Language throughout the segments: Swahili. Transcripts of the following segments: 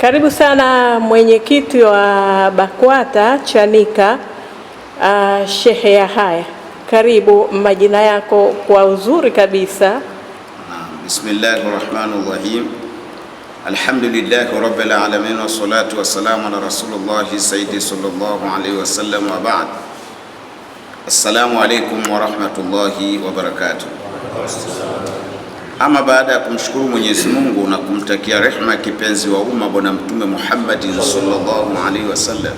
Karibu sana mwenyekiti wa BAKWATA Chanika, uh, Shehe Yahaya, karibu. Majina yako kwa uzuri kabisa. Bismillahir Rahmanir Rahim, alhamdulillahi rabbil alamin wassalatu wassalamu ala rasulillahi sayyidi sallallahu alayhi wasallam wa ba'd. Assalamu alaykum wa rahmatullahi wa barakatuh. Ama baada ya kumshukuru Mwenyezi Mungu na kumtakia rehma kipenzi wa umma Bwana Mtume Muhammadin sallallahu alaihi wasallam,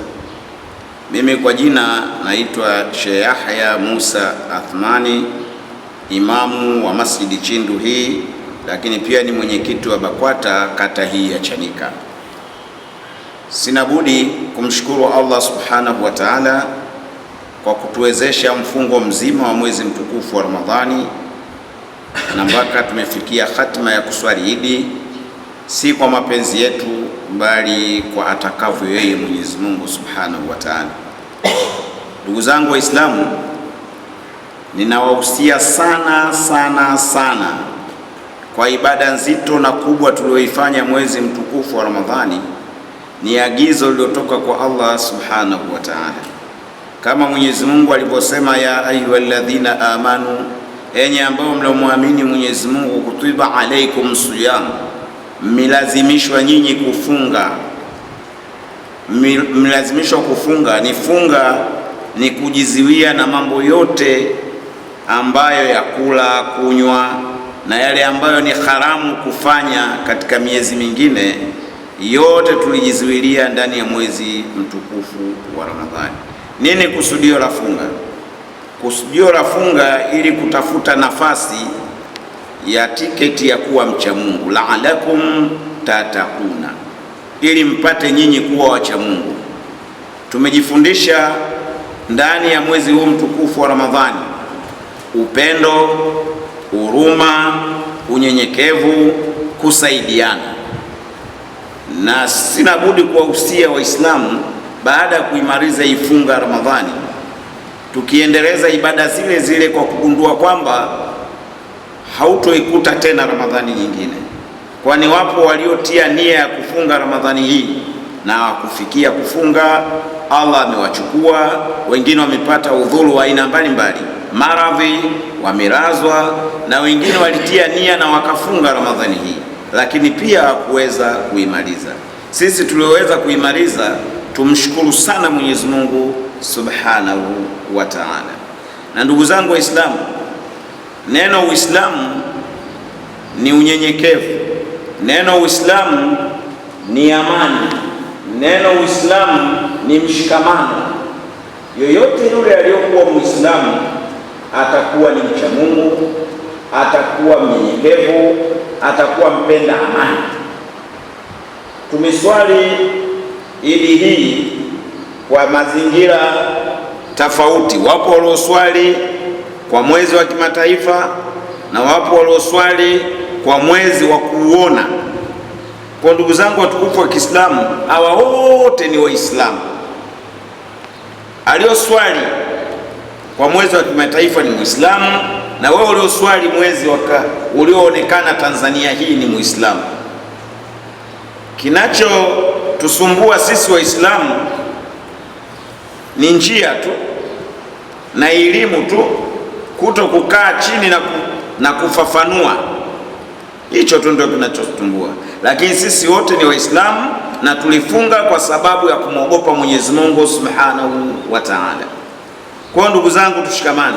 mimi kwa jina naitwa Sheikh Yahya Musa Athmani, imamu wa Masjidi Chindu hii, lakini pia ni mwenyekiti wa BAKWATA kata hii ya Chanika. Sina budi kumshukuru Allah subhanahu wa taala kwa kutuwezesha mfungo mzima wa mwezi mtukufu wa Ramadhani na mpaka tumefikia hatima ya kuswali Idi, si kwa mapenzi yetu, bali kwa atakavyo yeye Mwenyezi Mungu Subhanahu wa Ta'ala. Ndugu zangu Waislamu, ninawahusia sana sana sana kwa ibada nzito na kubwa tuliyoifanya mwezi mtukufu wa Ramadhani. Ni agizo lililotoka kwa Allah Subhanahu wa Ta'ala, kama Mwenyezi Mungu alivyosema, ya ayyuhalladhina amanu enye ambao mliomwamini Mwenyezi Mungu, kutiba alaikum siyam, mmelazimishwa nyinyi kufunga. Mmelazimishwa kufunga, ni funga ni kujiziwia na mambo yote ambayo ya kula, kunywa na yale ambayo ni haramu kufanya katika miezi mingine yote tulijizuilia ndani ya mwezi mtukufu wa Ramadhani. Nini kusudio la funga? Kusudio la funga ili kutafuta nafasi ya tiketi ya kuwa mcha Mungu, laalakum tatakuna, ili mpate nyinyi kuwa wacha Mungu. Tumejifundisha ndani ya mwezi huu mtukufu wa Ramadhani upendo, huruma, unyenyekevu, kusaidiana, na sina budi kuwahusia Waislamu baada ya kuimaliza ifunga Ramadhani tukiendeleza ibada zile zile kwa kugundua kwamba hautoikuta tena Ramadhani nyingine, kwani wapo waliotia nia ya kufunga Ramadhani hii na kufikia kufunga, Allah amewachukua wengine, wamepata udhuru wa aina mbalimbali, maradhi, wamelazwa, na wengine walitia nia na wakafunga Ramadhani hii, lakini pia hakuweza kuimaliza. Sisi tulioweza kuimaliza tumshukuru sana Mwenyezi Mungu subhanahu wa ta'ala. Na ndugu zangu Waislamu, neno Uislamu ni unyenyekevu, neno Uislamu ni amani, neno Uislamu ni mshikamano. Yoyote yule aliyokuwa Muislamu atakuwa ni mcha Mungu, atakuwa mnyenyekevu, atakuwa mpenda amani. Tumeswali ili hii kwa mazingira tofauti. Wapo walioswali kwa mwezi wa kimataifa na wapo walioswali kwa mwezi wa kuuona. Kwa ndugu zangu watukufu wa Kiislamu, hawa wote ni Waislamu. Alioswali kwa mwezi wa kimataifa ni Muislamu, na wewe ulioswali mwezi ulioonekana Tanzania hii ni Muislamu. Kinachotusumbua sisi Waislamu ni njia tu na elimu tu, kuto kukaa chini na, na kufafanua. Hicho tu ndio kinachotumbua, lakini sisi wote ni Waislamu na tulifunga kwa sababu ya kumwogopa Mwenyezi Mungu Subhanahu wa Ta'ala. Kwa hiyo ndugu zangu, tushikamane,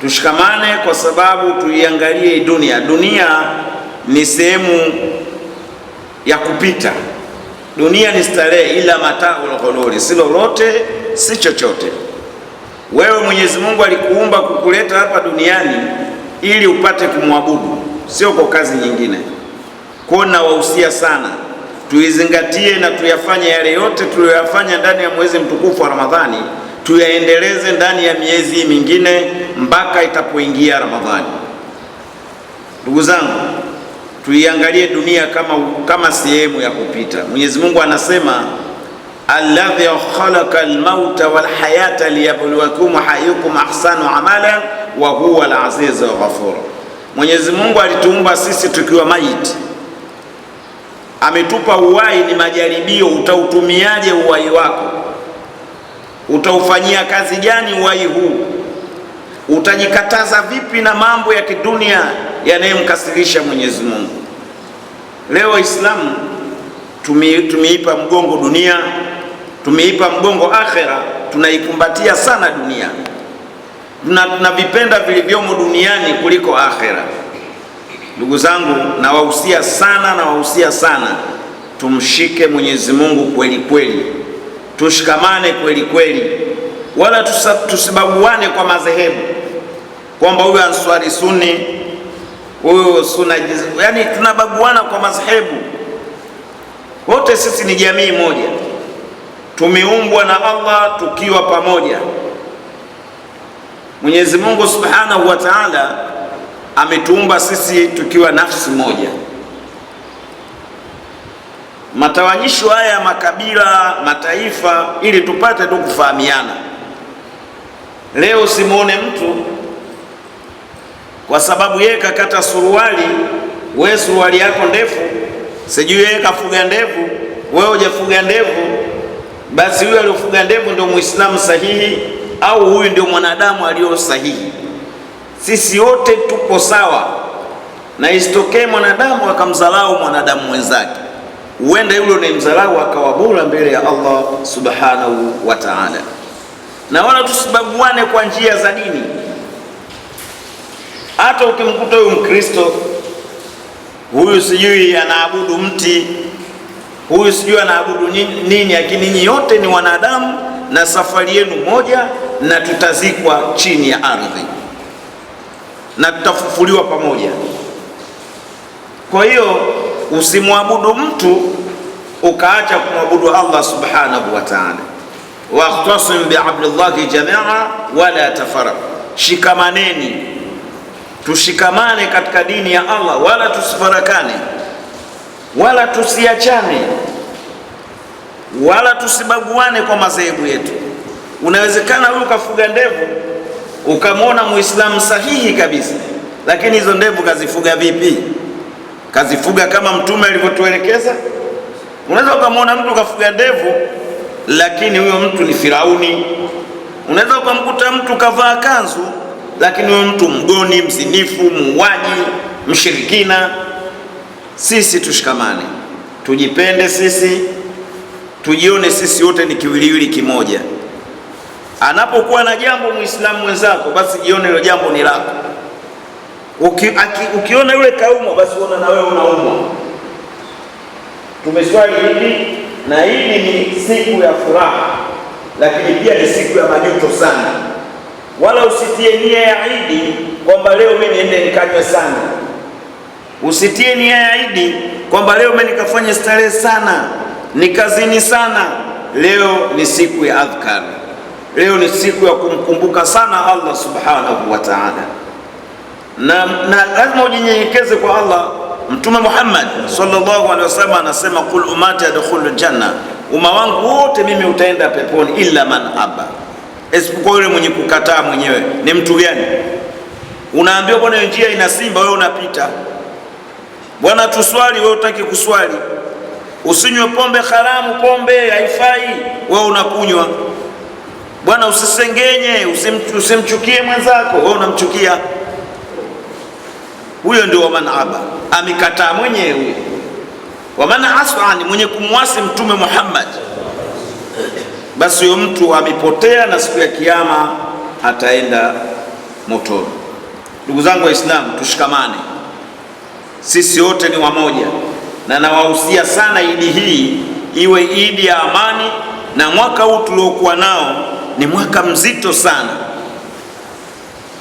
tushikamane kwa sababu tuiangalie dunia. Dunia ni sehemu ya kupita. Dunia ni starehe, ila mataul ghururi, si lolote si chochote. Wewe Mwenyezi Mungu alikuumba kukuleta hapa duniani ili upate kumwabudu, sio kwa kazi nyingine. Kwa nawahusia sana tuizingatie na tuyafanye yale yote tuliyoyafanya ndani ya mwezi mtukufu wa Ramadhani, tuyaendeleze ndani ya miezi mingine mpaka itapoingia Ramadhani. Ndugu zangu tuiangalie dunia kama, kama sehemu ya kupita. Mwenyezi Mungu anasema alladhi khalaqa almauta walhayata liyabluwakum ayyukum ahsanu amala wa huwa alazizu ghafur. Mwenyezi Mungu alituumba sisi tukiwa maiti, ametupa uhai, ni majaribio. Utautumiaje uhai wako? Utaufanyia kazi gani uhai huu? utajikataza vipi na mambo ya kidunia yanayomkasirisha Mwenyezi Mungu? Leo waislamu tumi, tumeipa mgongo dunia, tumeipa mgongo akhera, tunaikumbatia sana dunia na tunavipenda vilivyomo duniani kuliko akhera. Ndugu zangu, nawahusia sana, nawahusia sana, tumshike Mwenyezi Mungu kweli kweli, tushikamane kweli kweli, wala tusibaguane kwa madhehebu kwamba huyu Answari suni huyu suna, yani tunabaguana kwa madhehebu. Wote sisi ni jamii moja, tumeumbwa na Allah tukiwa pamoja. Mwenyezi Mungu Subhanahu wa Ta'ala ametuumba sisi tukiwa nafsi moja. Matawanyisho haya ya makabila, mataifa, ili tupate tu kufahamiana. Leo simuone mtu kwa sababu yeye kakata suruali, wewe suruali yako ndefu, sijui yeye kafuga ndevu, wewe hujafuga ndevu, basi huyu aliofuga ndevu ndio muislamu sahihi au huyu ndio mwanadamu aliyo sahihi? Sisi wote tupo sawa, na isitokee mwanadamu akamdharau mwanadamu mwenzake. Huenda yule unayemdharau akawa bora mbele ya Allah subhanahu wa ta'ala, na wala tusibaguane kwa njia za dini hata ukimkuta huyu Mkristo, huyu sijui anaabudu mti, huyu sijui anaabudu nini, lakini nyinyi yote ni wanadamu na safari yenu moja, na tutazikwa chini ya ardhi na tutafufuliwa pamoja. Kwa hiyo usimwabudu mtu ukaacha kumwabudu Allah subhanahu wa ta'ala. Waqtasim bihabdillahi jamia wala tafaraqu, shikamaneni tushikamane katika dini ya Allah, wala tusifarakane, wala tusiachane, wala tusibaguane kwa madhehebu yetu. Unawezekana huyu kafuga ndevu ukamwona muislamu sahihi kabisa, lakini hizo ndevu kazifuga vipi? Kazifuga kama mtume alivyotuelekeza? Unaweza ukamwona mtu kafuga ndevu, lakini huyo mtu ni Firauni. Unaweza ukamkuta mtu kavaa kanzu lakini huyu mtu mgoni, mzinifu, muuaji, mshirikina. Sisi tushikamane, tujipende sisi, tujione sisi wote ni kiwiliwili kimoja. Anapokuwa na jambo muislamu mwenzako, basi jione hilo jambo ni lako. Uki, aki, ukiona yule kaumwa, basi uona na wewe unaumwa. Tumeswali hivi na hivi, ni siku ya furaha, lakini pia ni siku ya majuto sana wala usitie nia ya Idi kwamba leo mimi niende nikanywe sana. Usitie nia ya Idi kwamba leo mimi nikafanye starehe sana, nikazini sana. Leo ni siku ya adhkar, leo ni siku ya kumkumbuka sana Allah subhanahu wa ta'ala, na lazima ujinyenyekeze kwa Allah. Mtume Muhammad sallallahu alaihi wasallam anasema, qul umati adkhulu janna, umma wangu wote mimi utaenda peponi, illa man abaa isipokuwa yule mwenye kukataa mwenyewe. Ni mtu gani? Unaambiwa bwana, hiyo njia ina simba, wewe unapita. Bwana, tuswali, wewe utaki kuswali. Usinywe pombe haramu, pombe haifai, wewe unakunywa. Bwana, usisengenye, usimchukie mwenzako, wewe unamchukia. Huyo ndio aba, amekataa mwenyewe. Waman ni mwenye kumwasi Mtume Muhammad basi huyo mtu amepotea na siku ya Kiyama ataenda motoni. Ndugu zangu Waislamu, tushikamane sisi wote ni wamoja, na nawahusia sana idi hii iwe idi ya amani. Na mwaka huu tuliokuwa nao ni mwaka mzito sana,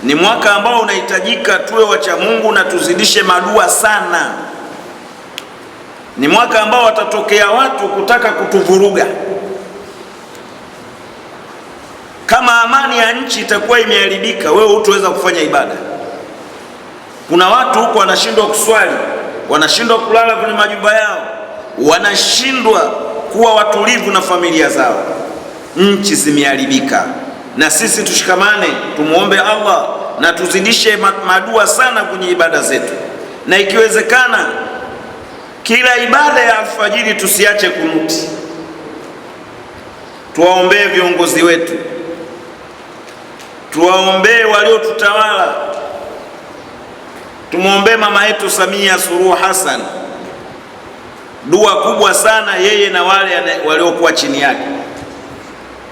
ni mwaka ambao unahitajika tuwe wacha Mungu na tuzidishe madua sana. Ni mwaka ambao watatokea watu kutaka kutuvuruga kama amani ya nchi itakuwa imeharibika, wewe hutoweza kufanya ibada. Kuna watu huko wanashindwa kuswali, wanashindwa kulala kwenye majumba yao, wanashindwa kuwa watulivu na familia zao. Nchi zimeharibika, na sisi tushikamane, tumwombe Allah na tuzidishe madua sana kwenye ibada zetu, na ikiwezekana kila ibada ya alfajiri tusiache kunuti. Tuwaombee viongozi wetu tuwaombee waliotutawala, tumwombee mama yetu Samia Suluhu Hassan, dua kubwa sana yeye na wale waliokuwa chini yake,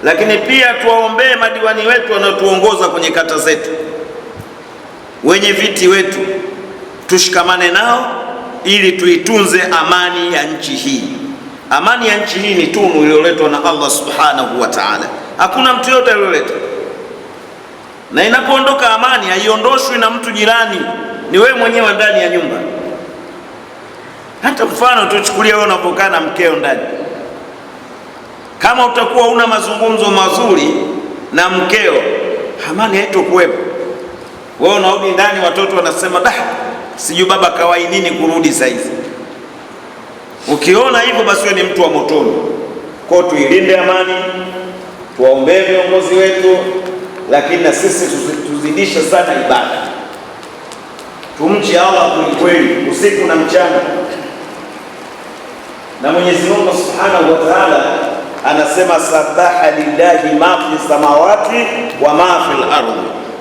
lakini pia tuwaombee madiwani wetu wanaotuongoza kwenye kata zetu, wenye viti wetu, tushikamane nao ili tuitunze amani ya nchi hii. Amani ya nchi hii ni tunu iliyoletwa na Allah subhanahu wa ta'ala, hakuna mtu yote aliyoleta na inapoondoka amani haiondoshwi na mtu jirani, ni wewe mwenyewe ndani ya nyumba. Hata mfano tuchukulia wewe unapokaa na mkeo ndani, kama utakuwa una mazungumzo mazuri na mkeo, amani haitokuwepo. Wewe unarudi ndani, watoto wanasema da, sijui baba kawai nini kurudi saizi. Ukiona hivyo, basi wewe ni mtu wa motoni. Kwao tuilinde amani, tuwaombee viongozi wetu lakini na sisi tuzidishe sana ibada, tumche Allah kwelikweli usiku na mchana. Na Mwenyezi Mungu Subhanahu wa Ta'ala anasema sabaha lillahi ma fi samawati wa ma fi al-ardh,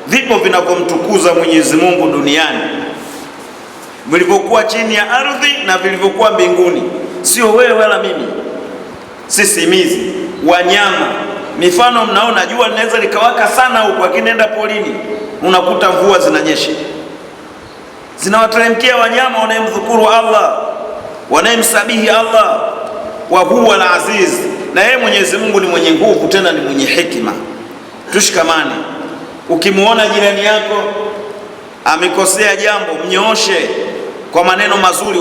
vipo vinavyomtukuza Mwenyezi Mungu duniani vilivyokuwa chini ya ardhi na vilivyokuwa mbinguni, sio wewe wala mimi, sisimizi wanyama Mifano mnaona jua linaweza likawaka sana huku, lakini nenda polini unakuta mvua zinanyesha, zinawateremkia wanyama wanayemdhukuru Allah, wanayemsabihi Allah. wa huwa al-aziz, na yeye Mwenyezi Mungu ni mwenye nguvu, tena ni mwenye hekima. Tushikamane. Ukimwona jirani yako amekosea jambo, mnyooshe kwa maneno mazuri.